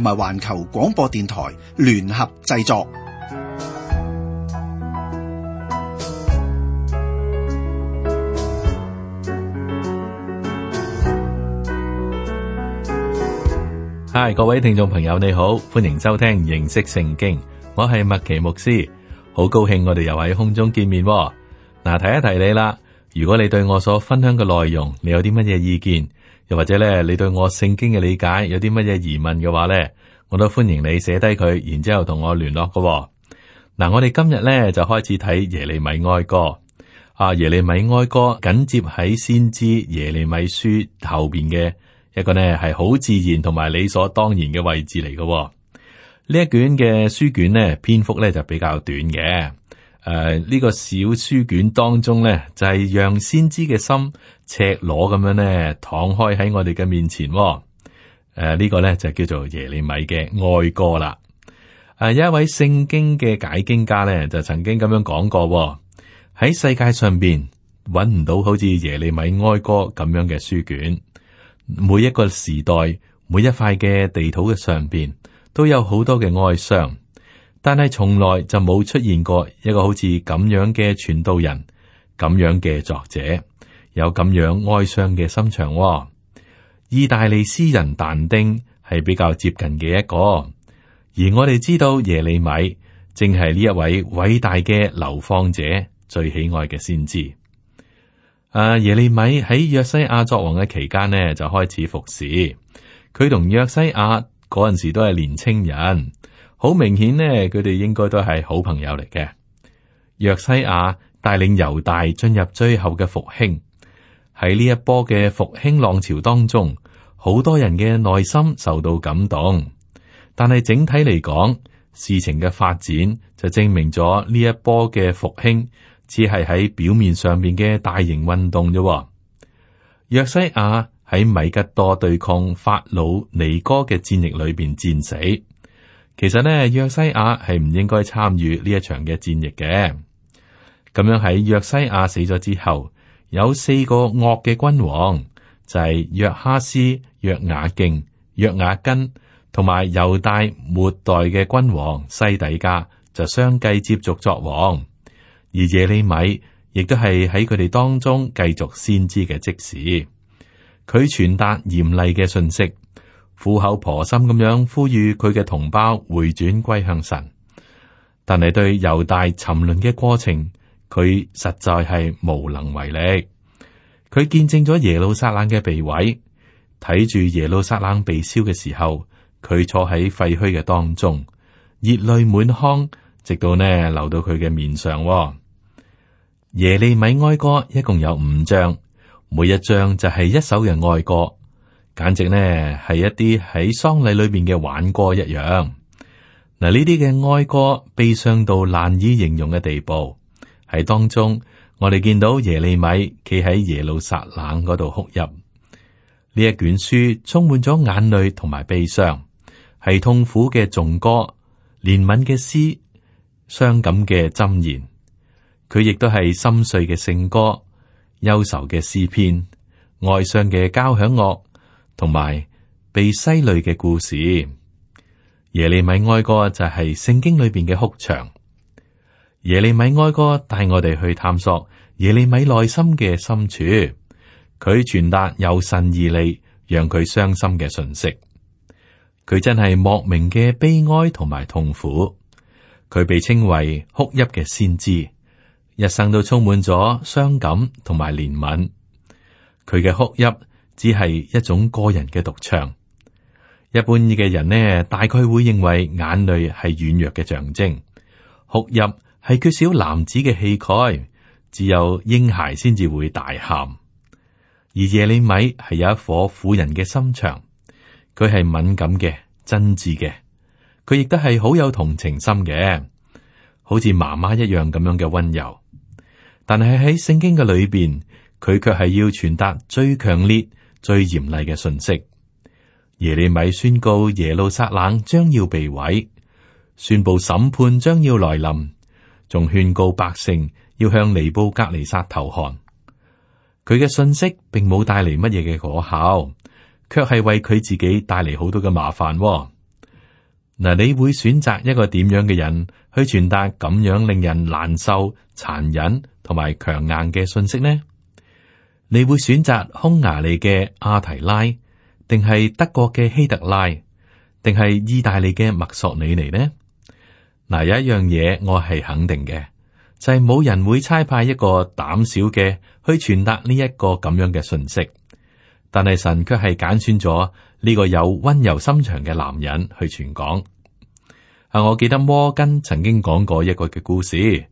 同埋環球廣播電台聯合製作。嗨，各位聽眾朋友，你好，歡迎收聽認識聖經，我係麥奇牧師，好高興我哋又喺空中見面。嗱，提一提你啦，如果你對我所分享嘅內容，你有啲乜嘢意見？又或者咧，你對我聖經嘅理解有啲乜嘢疑問嘅話咧，我都歡迎你寫低佢，然之後同我聯絡嘅。嗱，我哋今日咧就開始睇耶利米哀歌啊。耶利米哀歌緊接喺先知耶利米書後邊嘅一個呢，係好自然同埋理所當然嘅位置嚟嘅。呢一卷嘅書卷呢，篇幅咧就比較短嘅。誒，呢、啊，這個小書卷當中咧，就係、是、讓先知嘅心赤裸咁樣咧，敞開喺我哋嘅面前、哦。誒、啊，這個、呢個咧就叫做耶利米嘅哀歌啦。誒、啊，有一位聖經嘅解經家咧，就曾經咁樣講過喎、哦，喺世界上邊揾唔到好似耶利米哀歌咁樣嘅書卷。每一個時代，每一塊嘅地土嘅上邊，都有好多嘅哀傷。但係從來就冇出現過一個好似咁樣嘅傳道人、咁樣嘅作者，有咁樣哀傷嘅心腸哦。意大利詩人但丁係比較接近嘅一個，而我哋知道耶利米正係呢一位偉大嘅流放者最喜愛嘅先知。啊，耶利米喺約西亞作王嘅期間呢，就開始服侍。佢同約西亞嗰陣時都係年青人。好明顯呢，佢哋應該都係好朋友嚟嘅。約西亞帶領猶大進入最後嘅復興，喺呢一波嘅復興浪潮當中，好多人嘅內心受到感動。但係整體嚟講，事情嘅發展就證明咗呢一波嘅復興只係喺表面上面嘅大型運動啫。約西亞喺米吉多對抗法老尼哥嘅戰役裏邊戰死。其實呢，約西亞係唔應該參與呢一場嘅戰役嘅。咁樣喺約西亞死咗之後，有四個惡嘅君王，就係、是、約哈斯、約雅敬、約雅斤，同埋猶大末代嘅君王西底家，就相繼接續作王。而耶利米亦都係喺佢哋當中繼續先知嘅職事。佢傳達嚴厲嘅信息。苦口婆心咁樣呼籲佢嘅同胞回轉歸向神，但係對猶大沉淪嘅過程，佢實在係無能為力。佢見證咗耶路撒冷嘅被毀，睇住耶路撒冷被燒嘅時候，佢坐喺廢墟嘅當中，熱淚滿腔，直到呢流到佢嘅面上，哦。耶利米哀歌一共有五章，每一章就係一首嘅哀歌。簡直呢，係一啲喺喪禮裏面嘅輓歌一樣。嗱，呢啲嘅哀歌悲傷到難以形容嘅地步。喺當中，我哋見到耶利米企喺耶路撒冷嗰度哭泣。呢一卷書充滿咗眼淚同埋悲傷，係痛苦嘅頌歌、憐憫嘅詩、傷感嘅箴言。佢亦都係心碎嘅聖歌、憂愁嘅詩篇、哀傷嘅交響樂。同埋被犀累嘅故事，耶利米哀歌就係聖經裏邊嘅哭牆。耶利米哀歌帶我哋去探索耶利米內心嘅深處，佢傳達有神義利讓佢傷心嘅信息。佢真係莫名嘅悲哀同埋痛苦，佢被稱為哭泣嘅先知，一生都充滿咗傷感同埋憐憫。佢嘅哭泣。只係一種個人嘅獨唱，一般嘅人呢，大概會認為眼淚係軟弱嘅象徵，哭泣係缺少男子嘅氣概，只有嬰孩先至會大喊。而耶利米係有一顆婦人嘅心腸，佢係敏感嘅、真摯嘅，佢亦都係好有同情心嘅，好似媽媽一樣咁樣嘅溫柔。但係喺聖經嘅裏邊，佢卻係要傳達最強烈。最嚴厲嘅信息，耶利米宣告耶路撒冷將要被毀，宣佈審判將要來臨，仲勸告百姓要向尼布甲尼撒投降。佢嘅信息並冇帶嚟乜嘢嘅可靠，卻係為佢自己帶嚟好多嘅麻煩哦。嗱，你會選擇一個點樣嘅人去傳達咁樣令人難受、殘忍同埋強硬嘅信息呢？你會選擇匈牙利嘅阿提拉，定係德國嘅希特拉，定係意大利嘅墨索里尼呢？嗱，有一樣嘢我係肯定嘅，就係冇人會差派一個膽小嘅去傳達呢一個咁樣嘅信息。但係神卻係揀選咗呢個有温柔心腸嘅男人去傳講。啊，我記得摩根曾經講過一個嘅故事，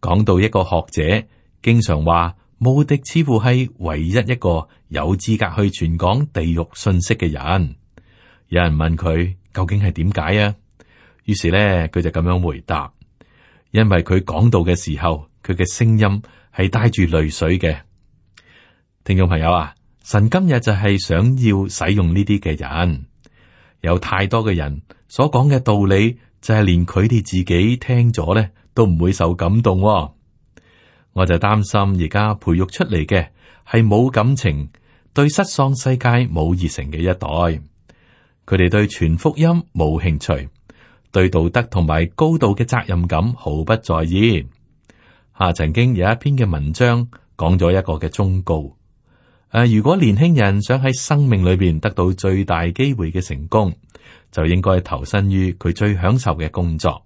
講到一個學者經常話。穆迪似乎係唯一一個有資格去傳講地獄信息嘅人。有人問佢究竟係點解啊？於是咧，佢就咁樣回答，因為佢講道嘅時候，佢嘅聲音係帶住淚水嘅。聽眾朋友啊，神今日就係想要使用呢啲嘅人。有太多嘅人所講嘅道理，就係連佢哋自己聽咗咧，都唔會受感動啊。我就擔心而家培育出嚟嘅係冇感情，對失喪世界冇熱誠嘅一代，佢哋對全福音冇興趣，對道德同埋高度嘅責任感毫不在意。下、啊、曾經有一篇嘅文章講咗一個嘅忠告，誒、啊，如果年輕人想喺生命裏邊得到最大機會嘅成功，就應該投身於佢最享受嘅工作，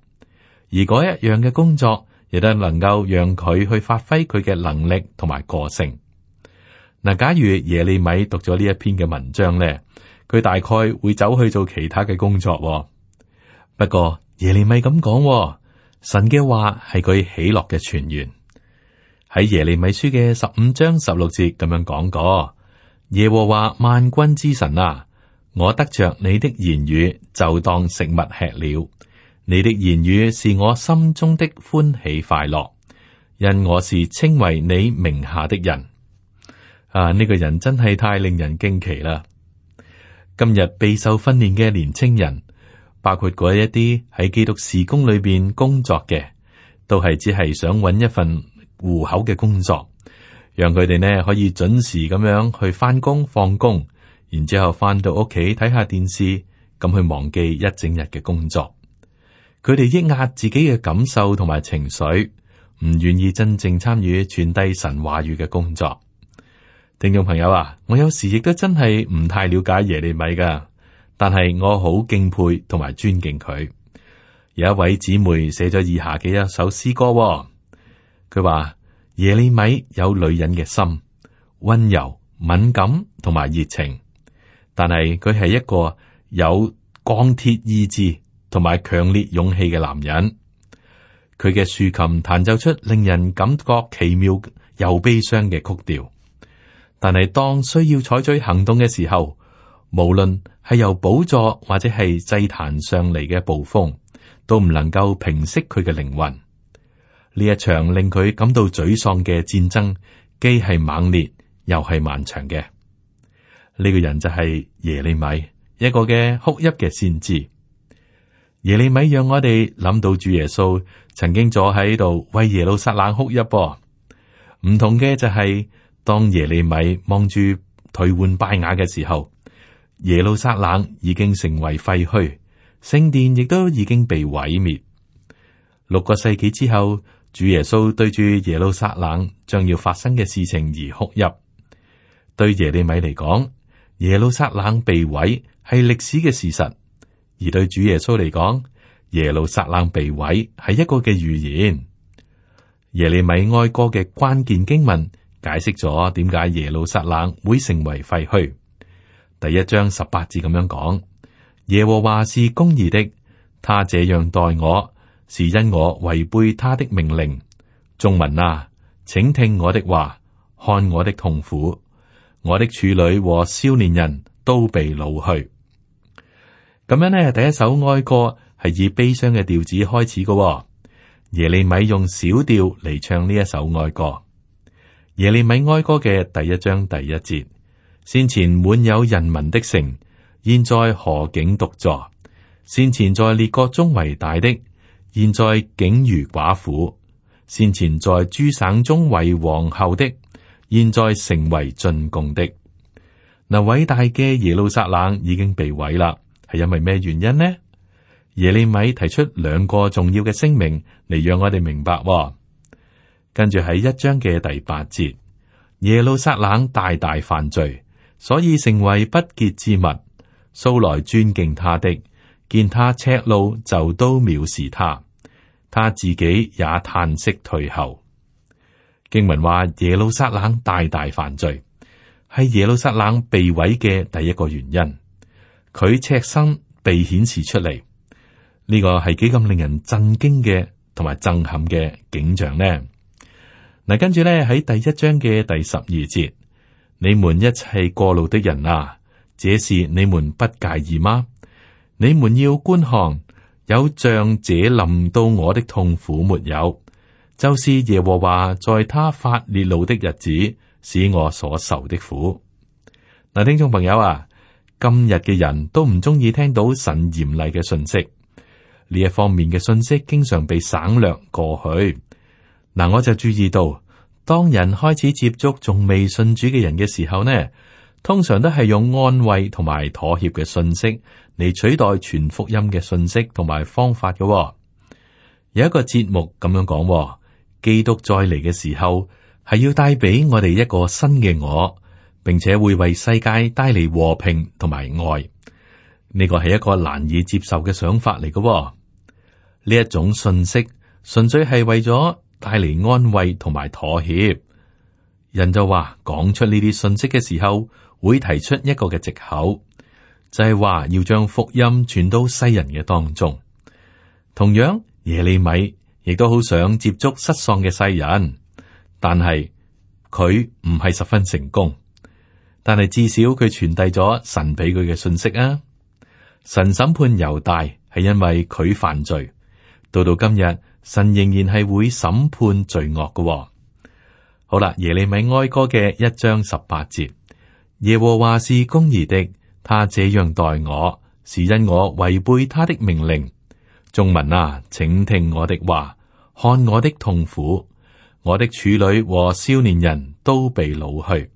而嗰一樣嘅工作。亦都能夠讓佢去發揮佢嘅能力同埋個性。嗱，假如耶利米讀咗呢一篇嘅文章咧，佢大概會走去做其他嘅工作。不過耶利米咁講，神嘅話係佢喜樂嘅泉源。喺耶利米書嘅十五章十六節咁樣講過，耶和華萬軍之神啊，我得着你的言語，就當食物吃了。你的言語是我心中的歡喜快樂，因我是稱為你名下的人。啊，呢、這個人真係太令人驚奇啦！今日備受訓練嘅年青人，包括嗰一啲喺基督事工裏邊工作嘅，都係只係想搵一份糊口嘅工作，讓佢哋呢可以準時咁樣去翻工放工，然之後翻到屋企睇下電視，咁去忘記一整日嘅工作。佢哋抑壓自己嘅感受同埋情緒，唔願意真正參與傳遞神話語嘅工作。聽眾朋友啊，我有時亦都真係唔太了解耶利米㗎，但係我好敬佩同埋尊敬佢。有一位姊妹寫咗以下嘅一首詩歌喎，佢話耶利米有女人嘅心，溫柔、敏感同埋熱情，但係佢係一個有鋼鐵意志同埋強烈勇氣嘅男人，佢嘅豎琴彈奏出令人感覺奇妙又悲傷嘅曲調。但係當需要採取行動嘅時候，無論係由寶座或者係祭壇上嚟嘅暴風，都唔能夠平息佢嘅靈魂。呢一場令佢感到沮喪嘅戰爭，既係猛烈又係漫長嘅。呢、這個人就係耶利米，一個嘅哭泣嘅先知。耶利米讓我哋諗到主耶穌曾經坐喺度為耶路撒冷哭泣噃。唔同嘅就係，當耶利米望住頹垣敗瓦嘅時候，耶路撒冷已經成為廢墟，聖殿亦都已經被毀滅。六個世紀之後，主耶穌對住耶路撒冷將要發生嘅事情而哭泣。對耶利米嚟講，耶路撒冷被毀係歷史嘅事實。而對主耶穌嚟講，耶路撒冷被毀係一個嘅預言。耶利米哀歌嘅關鍵經文解釋咗點解耶路撒冷會成為廢墟。第一章十八字咁樣講：耶和華是公義的，他這樣待我是因我違背他的命令。眾民啊，請聽我的話，看我的痛苦，我的處女和少年人都被擄去。咁樣呢，第一首哀歌係以悲傷嘅調子開始嘅。哦。耶利米用小調嚟唱呢一首哀歌。耶利米哀歌嘅第一章第一節，先前滿有人民的城，現在何竟獨坐？先前在列國中為大的，現在竟如寡婦；先前在諸省中為王后的，現在成為進貢的。嗱，偉大嘅耶路撒冷已經被毀啦。係因為咩原因呢？耶利米提出兩個重要嘅聲明嚟讓我哋明白哦。跟住喺一章嘅第八節，耶路撒冷大大犯罪，所以成為不潔之物。素來尊敬他的，見他赤露就都藐視他，他自己也嘆息退後。經文話耶路撒冷大大犯罪，係耶路撒冷被毀嘅第一個原因。佢赤身被顯示出嚟，呢、這個係幾咁令人震驚嘅同埋震撼嘅景象呢？嗱，跟住咧喺第一章嘅第十二節，你們一切過路的人啊，這事你們不介意嗎？你們要觀看有像這臨到我的痛苦沒有？就是耶和華在他發烈怒的日子使我所受的苦。嗱，聽眾朋友啊！今日嘅人都唔中意聽到神嚴厲嘅信息，呢一方面嘅信息經常被省略過去。嗱，我就注意到，當人開始接觸仲未信主嘅人嘅時候呢，通常都係用安慰同埋妥協嘅信息嚟取代全福音嘅信息同埋方法嘅。有一個節目咁樣講，基督再嚟嘅時候，係要帶俾我哋一個新嘅我。並且會為世界帶嚟和平同埋愛，呢個係一個難以接受嘅想法嚟嘅。呢一種信息純粹係為咗帶嚟安慰同埋妥協。人就話講出呢啲信息嘅時候，會提出一個嘅借口，就係話要將福音傳到世人嘅當中。同樣，耶利米亦都好想接觸失喪嘅世人，但係佢唔係十分成功。但係至少佢傳遞咗神俾佢嘅信息啊！神審判猶大係因為佢犯罪，到到今日神仍然係會審判罪惡嘅，哦。好啦，耶利米哀歌嘅一章十八節，耶和華是公義的，他這樣待我是因我違背他的命令。眾民啊，請聽我的話，看我的痛苦，我的處女和少年人都被老去。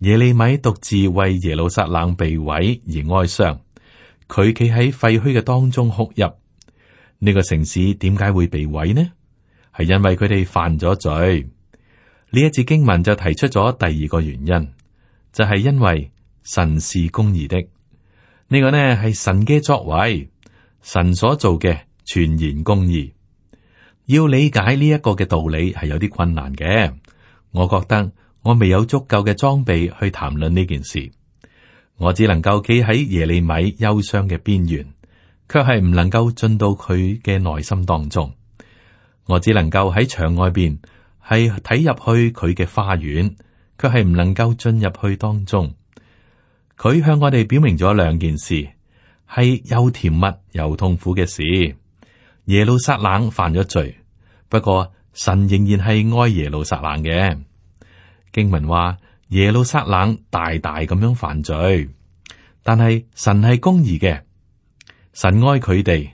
耶利米獨自為耶路撒冷被毀而哀傷，佢企喺廢墟嘅當中哭泣。呢、這個城市點解會被毀呢？係因為佢哋犯咗罪。呢一次經文就提出咗第二個原因，就係、是、因為神是公義的。呢、這個呢係神嘅作為，神所做嘅全然公義。要理解呢一個嘅道理係有啲困難嘅，我覺得。我未有足夠嘅裝備去談論呢件事，我只能夠企喺耶利米憂傷嘅邊緣，卻係唔能夠進到佢嘅內心當中。我只能夠喺牆外邊係睇入去佢嘅花園，卻係唔能夠進入去當中。佢向我哋表明咗兩件事，係又甜蜜又痛苦嘅事。耶路撒冷犯咗罪，不過神仍然係愛耶路撒冷嘅。經文話耶路撒冷大大咁樣犯罪，但係神係公義嘅，神愛佢哋，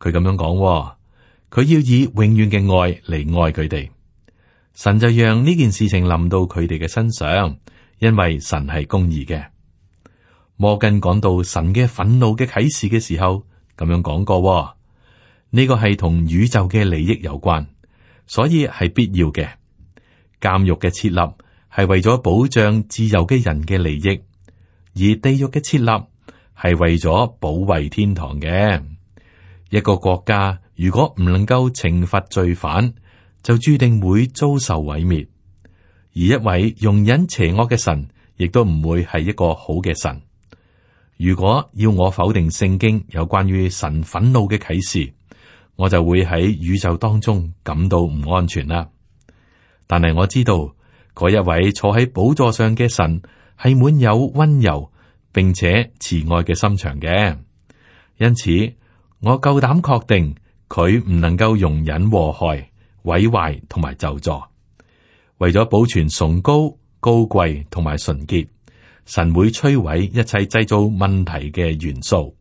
佢咁樣講喎，佢要以永遠嘅愛嚟愛佢哋。神就讓呢件事情臨到佢哋嘅身上，因為神係公義嘅。摩根講到神嘅憤怒嘅啟示嘅時候，咁樣講過喎，呢個係同宇宙嘅利益有關，所以係必要嘅。監獄嘅設立。係為咗保障自由嘅人嘅利益，而地獄嘅設立係為咗保衛天堂嘅。一個國家如果唔能夠懲罰罪犯，就注定會遭受毀滅。而一位容忍邪惡嘅神，亦都唔會係一個好嘅神。如果要我否定聖經有關於神憤怒嘅啟示，我就會喺宇宙當中感到唔安全啦。但係我知道。嗰一位坐喺寶座上嘅神係滿有溫柔並且慈愛嘅心腸嘅，因此我夠膽確定佢唔能夠容忍禍害毀壞同埋咒詛。為咗保存崇高高貴同埋純潔，神會摧毀一切製造問題嘅元素。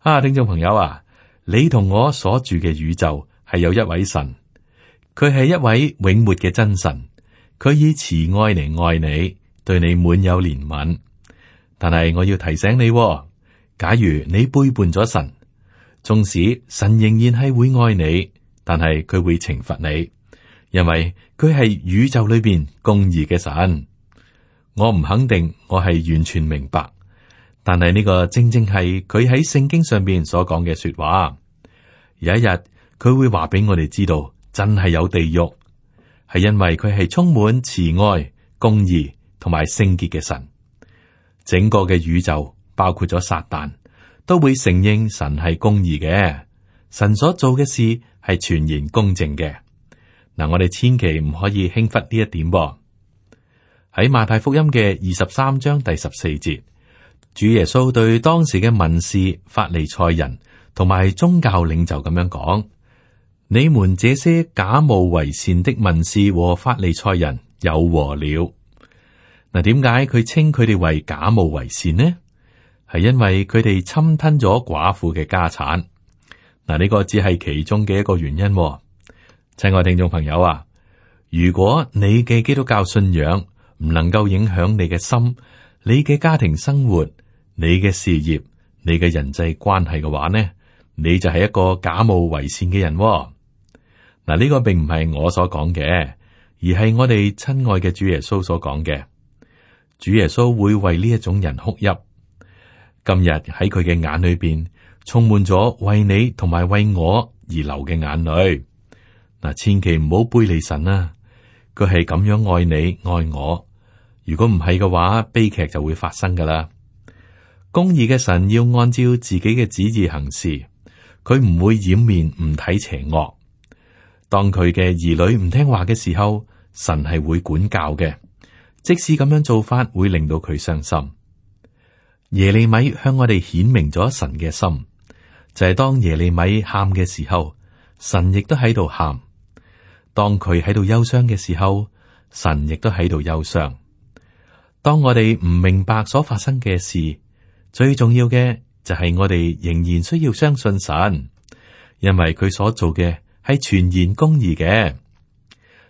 啊，聽眾朋友啊，你同我所住嘅宇宙係有一位神，佢係一位永活嘅真神。佢以慈愛嚟愛你，對你滿有憐憫。但係我要提醒你，假如你背叛咗神，縱使神仍然係會愛你，但係佢會懲罰你，因為佢係宇宙裏面公義嘅神。我唔肯定，我係完全明白，但係呢個正正係佢喺聖經上面所講嘅說話。有一日佢會話俾我哋知道，真係有地獄。係因為佢係充滿慈愛、公義同埋聖潔嘅神，整個嘅宇宙包括咗撒旦都會承認神係公義嘅，神所做嘅事係全然公正嘅。嗱，我哋千祈唔可以輕忽呢一點喎。喺馬太福音嘅二十三章第十四節，主耶穌對當時嘅文士法利賽人同埋宗教領袖咁樣講。你們這些假冒為善的文士和法利賽人有禍了。嗱，點解佢稱佢哋為假冒為善呢？係因為佢哋侵吞咗寡婦嘅家產。嗱，呢個只係其中嘅一個原因。親愛聽眾朋友啊，如果你嘅基督教信仰唔能夠影響你嘅心、你嘅家庭生活、你嘅事業、你嘅人際關係嘅話呢，你就係一個假冒為善嘅人。嗱，呢個並唔係我所講嘅，而係我哋親愛嘅主耶穌所講嘅。主耶穌會為呢一種人哭泣。今日喺佢嘅眼裏邊充滿咗為你同埋為我而流嘅眼淚。嗱，千祈唔好背離神啊！佢係咁樣愛你愛我。如果唔係嘅話，悲劇就會發生㗎喇。公義嘅神要按照自己嘅旨意行事，佢唔會掩面唔睇邪惡。當佢嘅兒女唔聽話嘅時候，神係會管教嘅，即使咁樣做法會令到佢傷心。耶利米向我哋顯明咗神嘅心，就係當耶利米喊嘅時候，神亦都喺度喊；當佢喺度憂傷嘅時候，神亦都喺度憂傷。當我哋唔明白所發生嘅事，最重要嘅就係我哋仍然需要相信神，因為佢所做嘅。係全然公義嘅。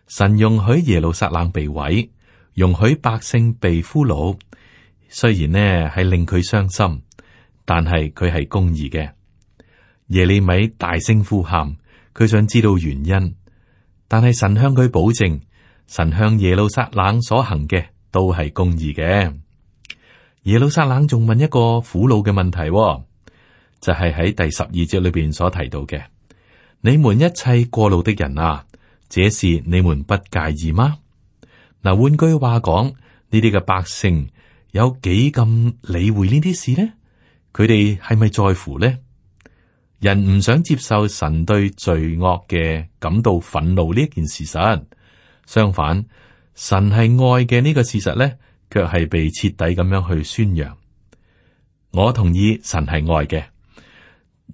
神容許耶路撒冷被毀，容許百姓被俘虜，雖然呢係令佢傷心，但係佢係公義嘅。耶利米大聲呼喊，佢想知道原因，但係神向佢保證，神向耶路撒冷所行嘅都係公義嘅。耶路撒冷仲問一個苦惱嘅問題，就係喺第十二節裏邊所提到嘅。你們一切過路的人啊，這事你們不介意嗎？嗱，換句話講，呢啲嘅百姓有幾咁理會呢啲事咧？佢哋係咪在乎咧？人唔想接受神對罪惡嘅感到憤怒呢一件事實，相反，神係愛嘅呢個事實咧，卻係被徹底咁樣去宣揚。我同意神係愛嘅。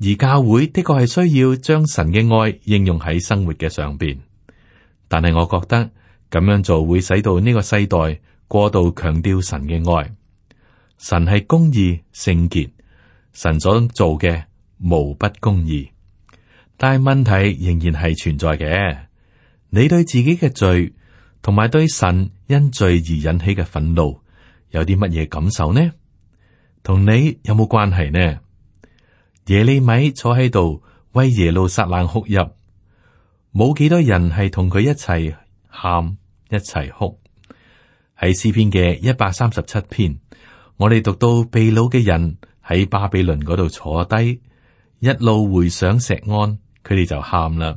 而教會的確係需要將神嘅愛應用喺生活嘅上邊，但係我覺得咁樣做會使到呢個世代過度強調神嘅愛。神係公義聖潔，神所做嘅無不公義。但係問題仍然係存在嘅。你對自己嘅罪同埋對神因罪而引起嘅憤怒有啲乜嘢感受呢？同你有冇關係呢？耶利米坐喺度為耶路撒冷哭泣，冇幾多人係同佢一齊喊一齊哭。喺詩篇嘅一百三十七篇，我哋讀到被擄嘅人喺巴比倫嗰度坐低，一路回想錫安，佢哋就喊啦，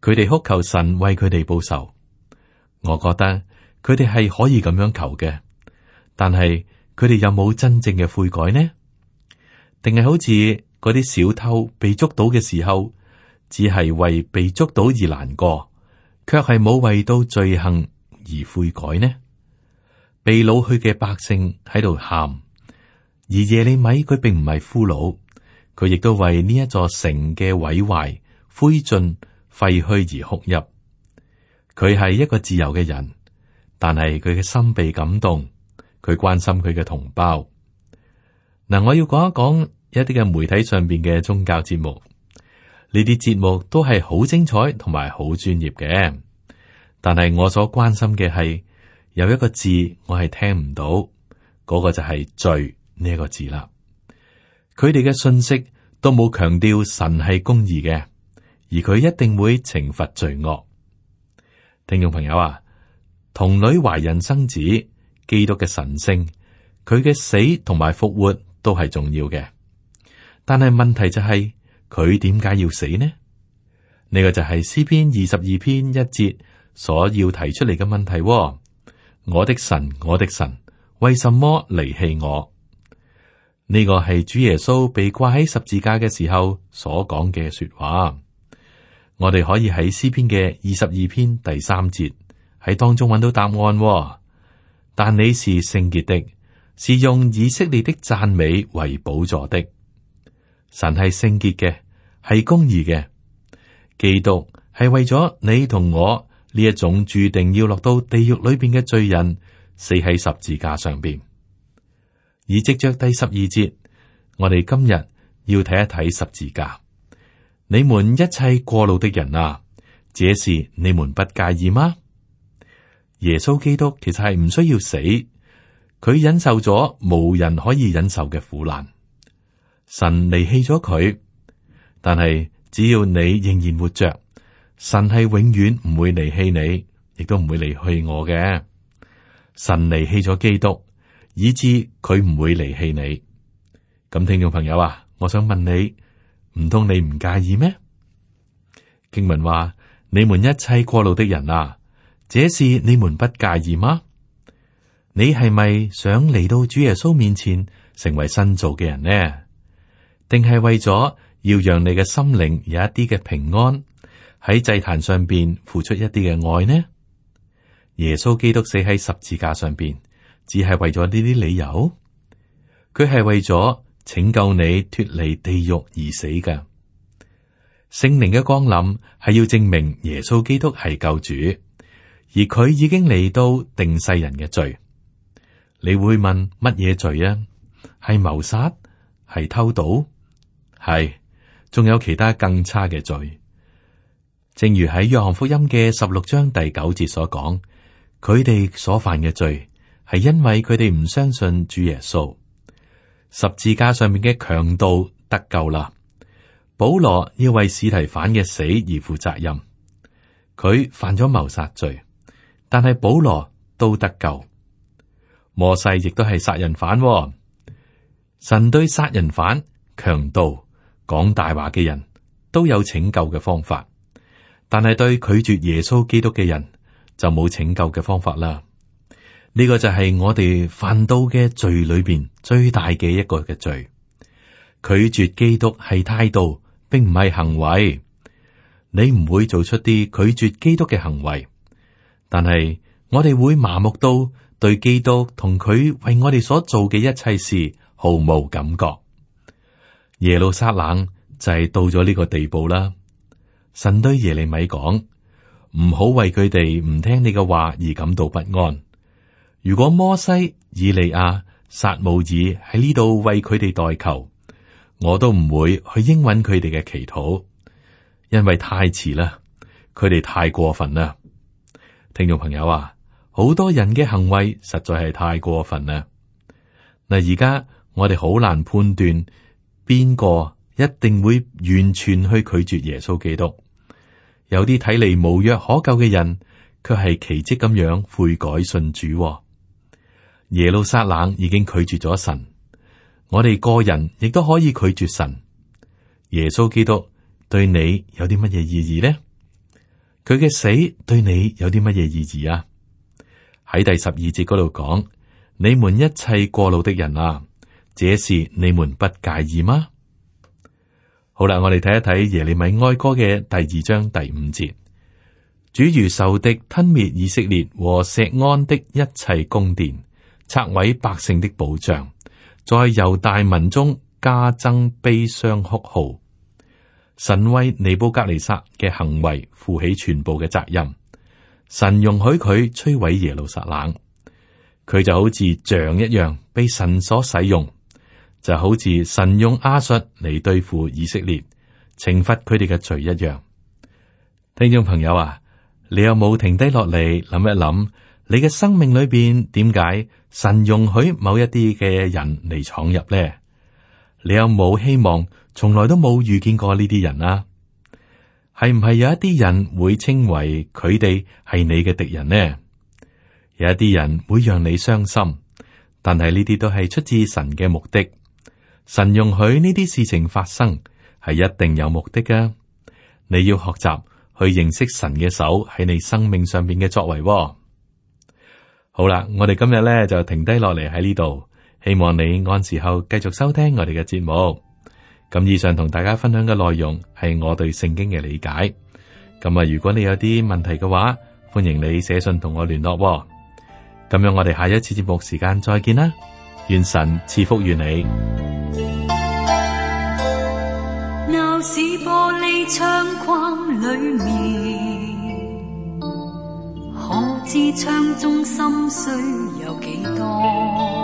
佢哋哭求神為佢哋報仇。我覺得佢哋係可以咁樣求嘅，但係佢哋有冇真正嘅悔改呢？定係好似嗰啲小偷被捉到嘅時候，只係為被捉到而難過，卻係冇為到罪行而悔改呢？被擄去嘅百姓喺度喊，而耶利米佢並唔係俘虜，佢亦都為呢一座城嘅毀壞、灰燼、廢墟而哭泣。佢係一個自由嘅人，但係佢嘅心被感動，佢關心佢嘅同胞。嗱，我要講一講一啲嘅媒體上邊嘅宗教節目，呢啲節目都係好精彩同埋好專業嘅。但係我所關心嘅係有一個字，我係聽唔到，嗰個就係罪呢一個字啦。佢哋嘅信息都冇強調神係公義嘅，而佢一定會懲罰罪惡。聽眾朋友啊，童女懷孕生子，基督嘅神聖，佢嘅死同埋復活。都係重要嘅，但係問題就係佢點解要死呢？呢個就係詩篇二十二篇一節所要提出嚟嘅問題喎。我的神，我的神，為什麼離棄我？呢個係主耶穌被掛喺十字架嘅時候所講嘅說話。我哋可以喺詩篇嘅二十二篇第三節喺當中搵到答案喎。但你是聖潔的。是用以色列的讚美為補助的。神係聖潔嘅，係公義嘅，基督係為咗你同我呢一種注定要落到地獄裏邊嘅罪人死喺十字架上邊。以接着第十二節，我哋今日要睇一睇十字架。你們一切過路的人啊，這事你們不介意嗎？耶穌基督其實係唔需要死。佢忍受咗無人可以忍受嘅苦難，神離棄咗佢，但係只要你仍然活着，神係永遠唔會離棄你，亦都唔會離棄我嘅。神離棄咗基督，以致佢唔會離棄你。咁聽眾朋友啊，我想問你，唔通你唔介意咩？經文話：你們一切過路的人啊，這事你們不介意嗎？你係咪想嚟到主耶穌面前成為新造嘅人呢？定係為咗要讓你嘅心靈有一啲嘅平安，喺祭壇上邊付出一啲嘅愛呢？耶穌基督死喺十字架上邊，只係為咗呢啲理由。佢係為咗拯救你脫離地獄而死嘅。聖靈嘅光臨係要證明耶穌基督係救主，而佢已經嚟到定世人嘅罪。你會問乜嘢罪啊？係謀殺，係偷盜，係仲有其他更差嘅罪。正如喺約翰福音嘅十六章第九節所講，佢哋所犯嘅罪係因為佢哋唔相信主耶穌。十字架上面嘅強盜得救啦。保羅要為司提反嘅死而負責任，佢犯咗謀殺罪，但係保羅都得救。魔世亦都係殺人犯，神對殺人犯、強盜、講大話嘅人都有拯救嘅方法，但係對拒絕耶穌基督嘅人就冇拯救嘅方法啦。呢個就係我哋犯到嘅罪裏邊最大嘅一個嘅罪。拒絕基督係態度，並唔係行為。你唔會做出啲拒絕基督嘅行為，但係。我哋會麻木到對基督同佢為我哋所做嘅一切事毫無感覺。耶路撒冷就係到咗呢個地步啦。神對耶利米講：唔好為佢哋唔聽你嘅話而感到不安。如果摩西、以利亞、撒母耳喺呢度為佢哋代求，我都唔會去應允佢哋嘅祈禱，因為太遲啦。佢哋太過分啦。聽眾朋友啊！好多人嘅行為實在係太過分啦。嗱，而家我哋好難判斷邊個一定會完全去拒絕耶穌基督。有啲睇嚟無藥可救嘅人，卻係奇蹟咁樣悔改信主。耶路撒冷已經拒絕咗神，我哋個人亦都可以拒絕神。耶穌基督對你有啲乜嘢意義呢？佢嘅死對你有啲乜嘢意義啊？喺第十二節嗰度講，你們一切過路的人啊，這事你們不介意嗎？好啦，我哋睇一睇耶利米哀歌嘅第二章第五節，主如仇敵吞滅以色列和錫安的一切宮殿，拆毀百姓的保障，在猶大民中加增悲傷哭號，神為尼布甲尼撒嘅行為負起全部嘅責任。神容許佢摧毀耶路撒冷，佢就好似杖一樣被神所使用，就好似神用亞述嚟對付以色列，懲罰佢哋嘅罪一樣。聽眾朋友啊，你有冇停低落嚟諗一諗，你嘅生命裏邊點解神容許某一啲嘅人嚟闖入呢？你有冇希望從來都冇遇見過呢啲人啊？係唔係有一啲人會稱為佢哋係你嘅敵人呢？有一啲人會讓你傷心，但係呢啲都係出自神嘅目的。神容許呢啲事情發生，係一定有目的㗎。你要學習去認識神嘅手喺你生命上面嘅作為，哦。好啦，我哋今日咧就停低落嚟喺呢度，希望你按時候繼續收聽我哋嘅節目。咁以上同大家分享嘅內容係我對聖經嘅理解。咁啊，如果你有啲問題嘅話，歡迎你寫信同我聯絡哦。咁樣，我哋下一次節目時間再見啦！願神賜福與你。鬧市玻璃窗框裏面，可知窗中心碎有幾多？